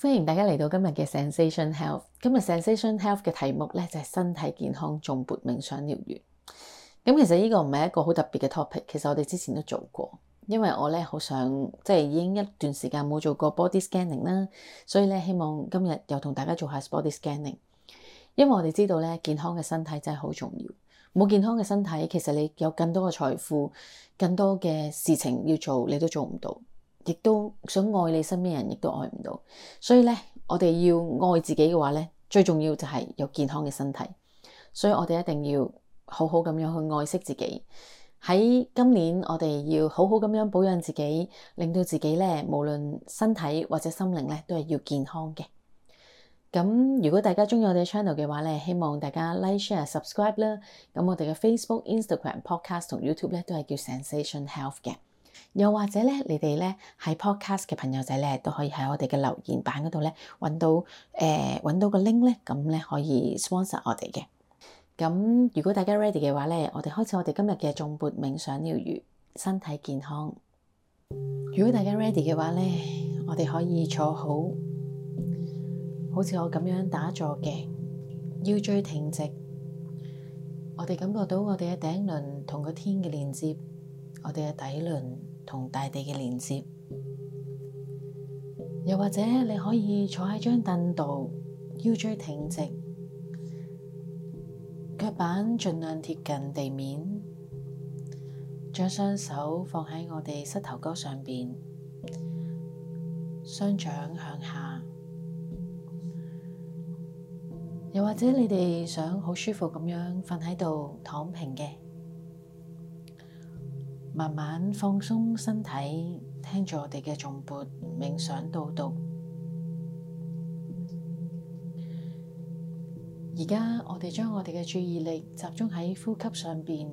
歡迎大家嚟到今日嘅 Zensation Health。今日 Zensation Health 嘅題目咧就係、是、身體健康頌缽冥想療癒。咁其實呢個唔係一個好特別嘅 topic，其實我哋之前都做過。因為我咧好想即係已經一段時間冇做過 body scanning 啦，所以咧希望今日又同大家做下 body scanning。因為我哋知道咧健康嘅身體真係好重要。冇健康嘅身體，其實你有更多嘅財富、更多嘅事情要做，你都做唔到。亦都想愛你身邊人，亦都愛唔到，所以咧，我哋要愛自己嘅話咧，最重要就係有健康嘅身體，所以我哋一定要好好咁樣去愛惜自己。喺今年，我哋要好好咁樣保養自己，令到自己咧，無論身體或者心靈咧，都係要健康嘅。咁如果大家中意我哋 channel 嘅話咧，希望大家 like share subscribe 啦。咁我哋嘅 Facebook、Instagram、Podcast 同 YouTube 咧都係叫 Zensation Health 嘅。又或者咧，你哋咧喺 podcast 嘅朋友仔咧都可以喺我哋嘅留言板嗰度咧揾到誒揾、呃、到個 link 咧，咁咧可以 sponsor 我哋嘅。咁如果大家 ready 嘅話咧，我哋開始我哋今日嘅頌缽冥想療癒，身體健康。如果大家 ready 嘅話咧，我哋可以坐好，好似我咁樣打坐嘅，腰椎挺直，我哋感覺到我哋嘅頂輪同個天嘅連接，我哋嘅底輪。同大地嘅連接，又或者你可以坐喺張凳度，腰椎挺直，腳板盡量貼近地面，將雙手放喺我哋膝頭哥上邊，雙掌向下，又或者你哋想好舒服咁樣瞓喺度躺平嘅。慢慢放鬆身體，聽住我哋嘅頌缽冥想導讀。而家我哋將我哋嘅注意力集中喺呼吸上面。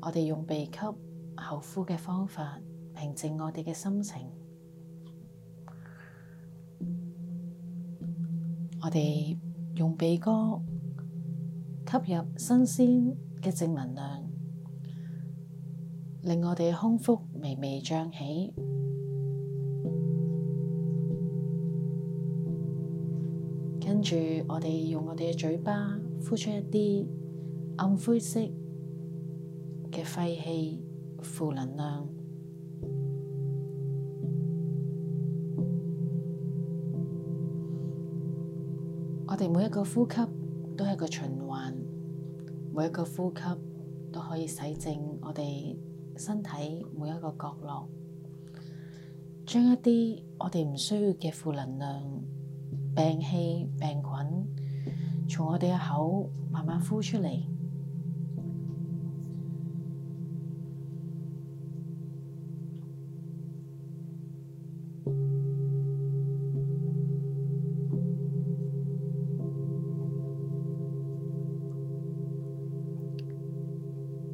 我哋用鼻吸、口呼嘅方法，平靜我哋嘅心情。我哋用鼻哥吸入新鮮嘅正能量。令我哋嘅胸腹微微脹起，跟住我哋用我哋嘅嘴巴呼出一啲暗灰色嘅廢氣負能量。我哋每一個呼吸都係個循環，每一個呼吸都可以洗淨我哋，身體每一個角落，將一啲我哋唔需要嘅負能量、病氣、病菌，從我哋嘅口慢慢呼出嚟。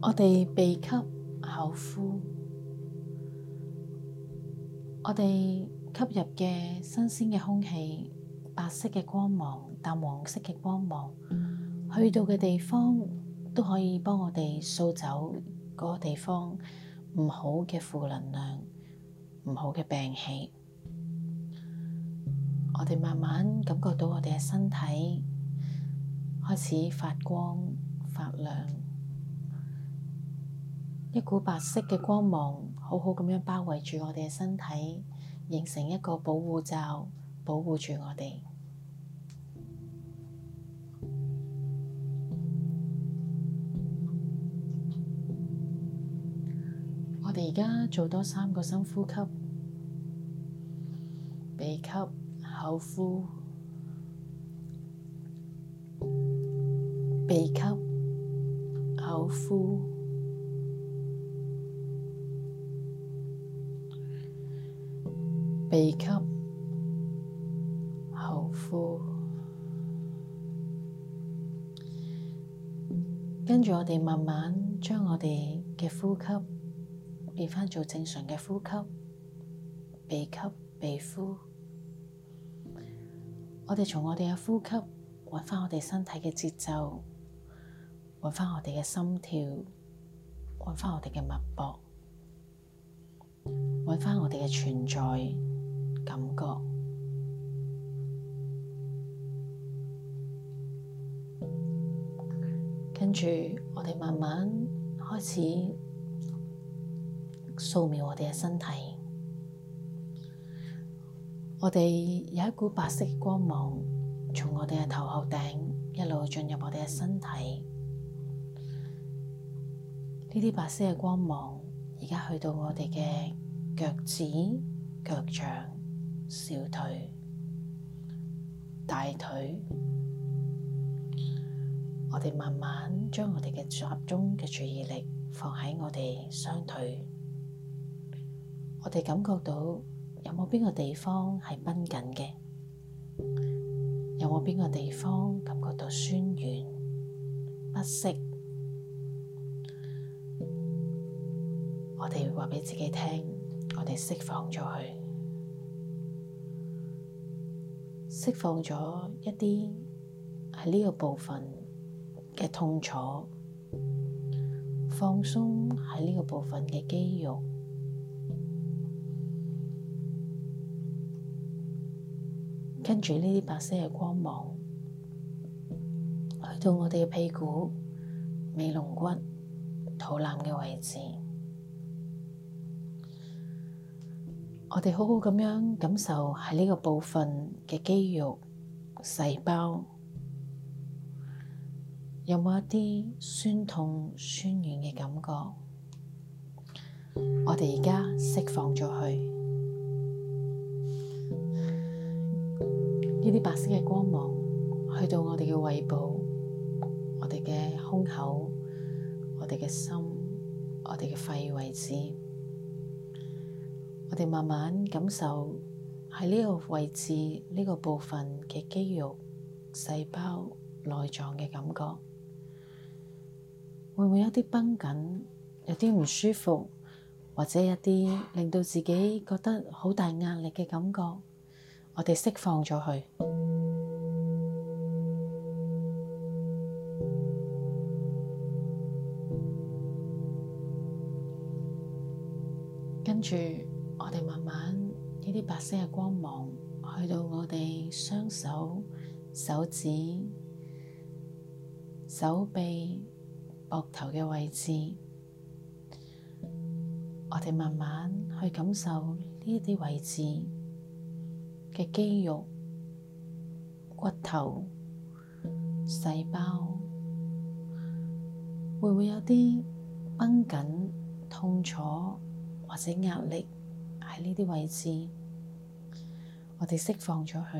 我哋鼻吸。我哋吸入嘅新鮮嘅空氣，白色嘅光芒、淡黃色嘅光芒，去到嘅地方都可以幫我哋掃走嗰個地方唔好嘅負能量、唔好嘅病氣。我哋慢慢感覺到我哋嘅身體開始發光發亮。一股白色嘅光芒，好好咁樣包圍住我哋嘅身體，形成一個保護罩，保護住我哋。我哋而家做多三個深呼吸，鼻吸、口呼、鼻吸、口呼。鼻吸、喉呼，跟住我哋慢慢將我哋嘅呼吸變翻做正常嘅呼吸，鼻吸、鼻呼。我哋從我哋嘅呼吸揾翻我哋身體嘅節奏，揾翻我哋嘅心跳，揾翻我哋嘅脈搏，揾翻我哋嘅存在。感覺，跟住我哋慢慢開始掃描我哋嘅身體。我哋有一股白色光芒從我哋嘅頭殼頂一路進入我哋嘅身體。呢啲白色嘅光芒而家去到我哋嘅腳趾、腳掌。小腿、大腿，我哋慢慢將我哋嘅集中嘅注意力放喺我哋雙腿。我哋感覺到有冇邊個地方係繃緊嘅？有冇邊個地方感覺到酸軟、不適？我哋話畀自己聽，我哋釋放咗佢。釋放咗一啲喺呢個部分嘅痛楚，放鬆喺呢個部分嘅肌肉，跟住呢啲白色嘅光芒去到我哋嘅屁股、尾龍骨、肚腩嘅位置。我哋好好咁樣感受喺呢個部分嘅肌肉、細胞，有冇一啲酸痛、酸軟嘅感覺？我哋而家釋放咗佢，呢啲白色嘅光芒，去到我哋嘅胃部、我哋嘅胸口、我哋嘅心、我哋嘅肺位置。我哋慢慢感受喺呢個位置呢個部分嘅肌肉、細胞、內臟嘅感覺，會唔會有一啲繃緊、有啲唔舒服，或者有一啲令到自己覺得好大壓力嘅感覺，我哋釋放咗佢，跟住。啲白色嘅光芒去到我哋雙手、手指、手臂、膊頭嘅位置，我哋慢慢去感受呢啲位置嘅肌肉、骨頭、細胞，會唔會有啲繃緊、痛楚或者壓力喺呢啲位置？我哋釋放咗佢，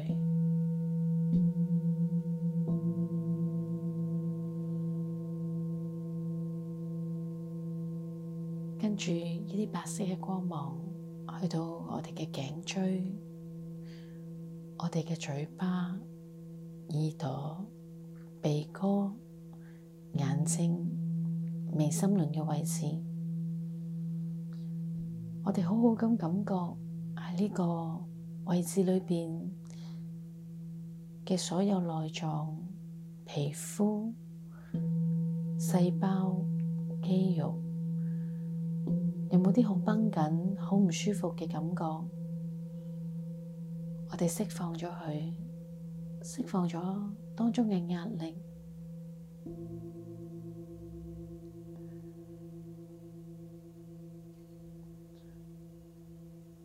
跟住呢啲白色嘅光芒去到我哋嘅頸椎、我哋嘅嘴巴、耳朵、鼻哥、眼睛、眉心輪嘅位置，我哋好好咁感覺喺呢個。位置裏邊嘅所有內臟、皮膚、細胞、肌肉，有冇啲好繃緊、好唔舒服嘅感覺？我哋釋放咗佢，釋放咗當中嘅壓力。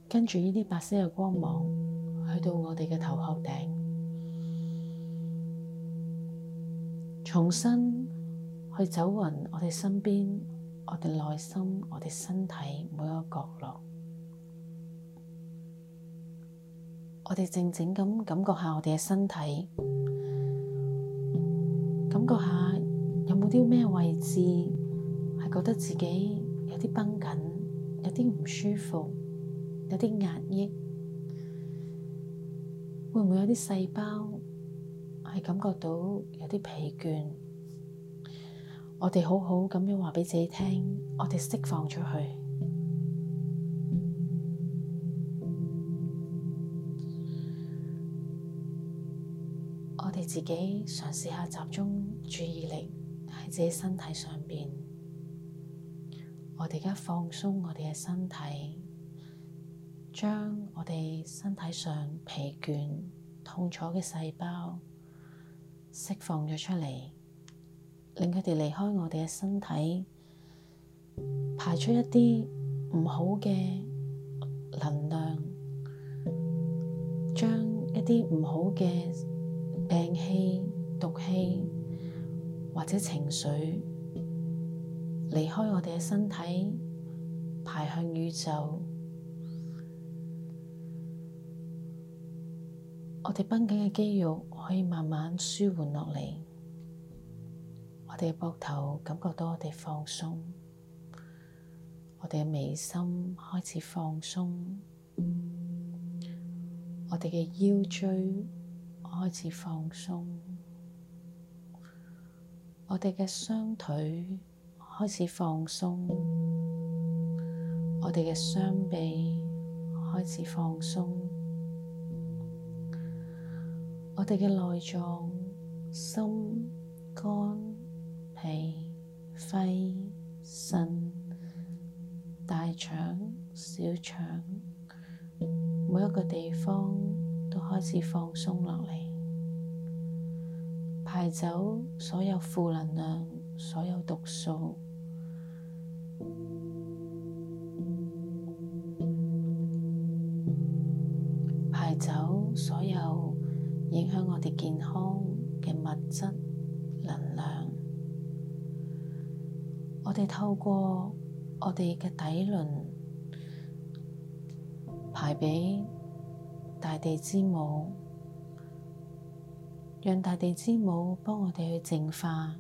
跟住呢啲白色嘅光芒，去到我哋嘅頭殼頂，重新去走勻我哋身邊、我哋內心、我哋身體每一個角落。我哋靜靜咁感覺下我哋嘅身體，感覺下有冇啲咩位置係覺得自己有啲繃緊，有啲唔舒服。有啲壓抑，會唔會有啲細胞係感覺到有啲疲倦？我哋好好咁樣話畀自己聽，我哋釋放出去。我哋自己嘗試下集中注意力喺自己身體上面，我哋而家放鬆我哋嘅身體。將我哋身體上疲倦、痛楚嘅細胞釋放咗出嚟，令佢哋離開我哋嘅身體，排出一啲唔好嘅能量，將一啲唔好嘅病氣、毒氣或者情緒離開我哋嘅身體，排向宇宙。我哋繃緊嘅肌肉可以慢慢舒緩落嚟，我哋嘅膊頭感覺到我哋放鬆，我哋嘅眉心開始放鬆，我哋嘅腰椎開始放鬆，我哋嘅雙腿開始放鬆，我哋嘅雙臂開始放鬆。我哋嘅內臟、心、肝、脾、肺、腎、大腸、小腸，每一個地方都開始放鬆落嚟，排走所有負能量，所有毒素，排走所有。影響我哋健康嘅物質能量，我哋透過我哋嘅底輪排俾大地之母，讓大地之母幫我哋去淨化。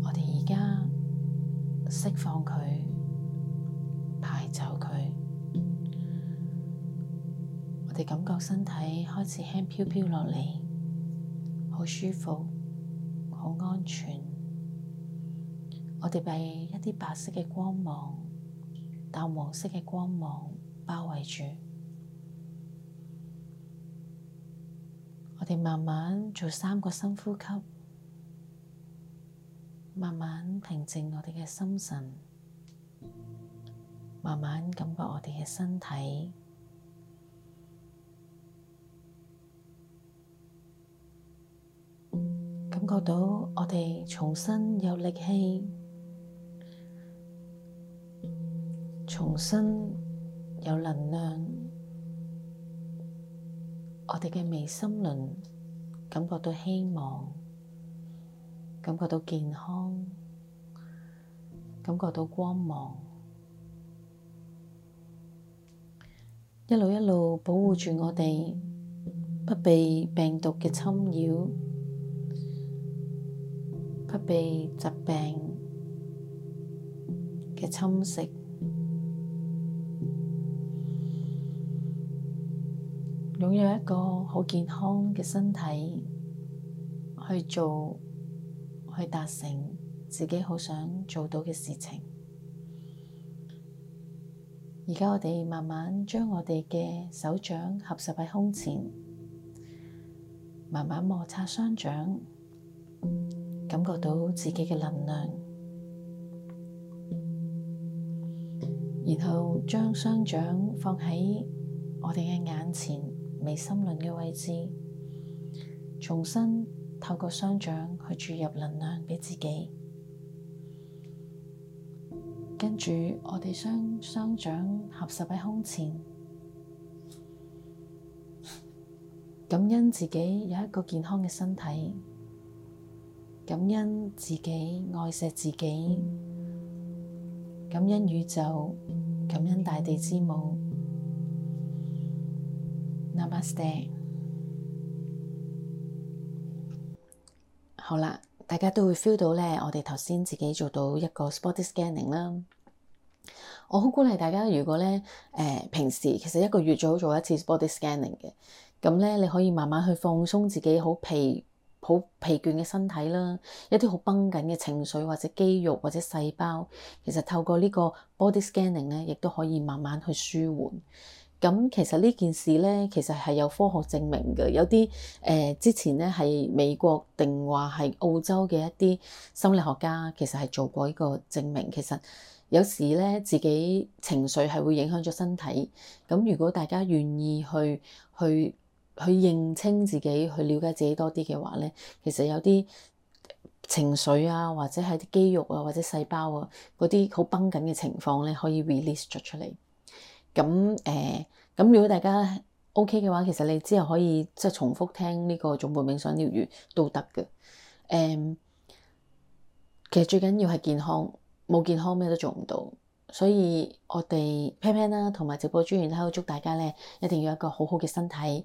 我哋而家釋放佢。感覺身體開始輕飄飄落嚟，好舒服，好安全。我哋被一啲白色嘅光芒、淡黃色嘅光芒包圍住。我哋慢慢做三個深呼吸，慢慢平靜我哋嘅心神，慢慢感覺我哋嘅身體。感覺到我哋重新有力氣，重新有能量，我哋嘅微心靈感覺到希望，感覺到健康，感覺到光芒，一路一路保護住我哋，不被病毒嘅侵擾。不被疾病嘅侵蝕，擁有一個好健康嘅身體，去做去達成自己好想做到嘅事情。而家我哋慢慢將我哋嘅手掌合十喺胸前，慢慢摩擦雙掌。感覺到自己嘅能量，然後將雙掌放喺我哋嘅眼前眉心輪嘅位置，重新透過雙掌去注入能量俾自己。跟住我哋將雙掌合十喺胸前，感恩自己有一個健康嘅身體。感恩自己，愛惜自己，感恩宇宙，感恩大地之母。Namaste。好啦，大家都會 feel 到咧，我哋頭先自己做到一個 body scanning 啦。我好鼓勵大家，如果咧誒、呃、平時其實一個月最好做一次 body scanning 嘅，咁咧你可以慢慢去放鬆自己，好疲好疲倦嘅身體啦，一啲好繃緊嘅情緒或者肌肉或者細胞，其實透過呢個 body scanning 咧，亦都可以慢慢去舒緩。咁其實呢件事咧，其實係有科學證明嘅。有啲誒、呃、之前咧係美國定話係澳洲嘅一啲心理學家，其實係做過呢個證明。其實有時咧自己情緒係會影響咗身體。咁如果大家願意去去，去認清自己，去了解自己多啲嘅話咧，其實有啲情緒啊，或者係啲肌肉啊，或者細胞啊，嗰啲好繃緊嘅情況咧，可以 release 咗出嚟。咁誒，咁、呃、如果大家 OK 嘅話，其實你之後可以即係重複聽呢、這個頌缽冥想療愈都得嘅。誒、嗯，其實最緊要係健康，冇健康咩都做唔到。所以我哋 Pan Pan 啦，同埋直播專員都祝大家咧，一定要有一個好好嘅身體。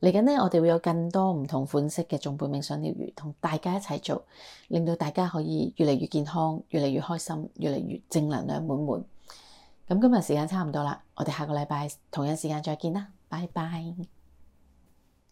嚟緊咧，我哋會有更多唔同款式嘅頌缽冥想療癒，同大家一齊做，令到大家可以越嚟越健康，越嚟越開心，越嚟越正能量滿滿。咁、嗯、今日時間差唔多啦，我哋下個禮拜同樣時間再見啦，拜拜。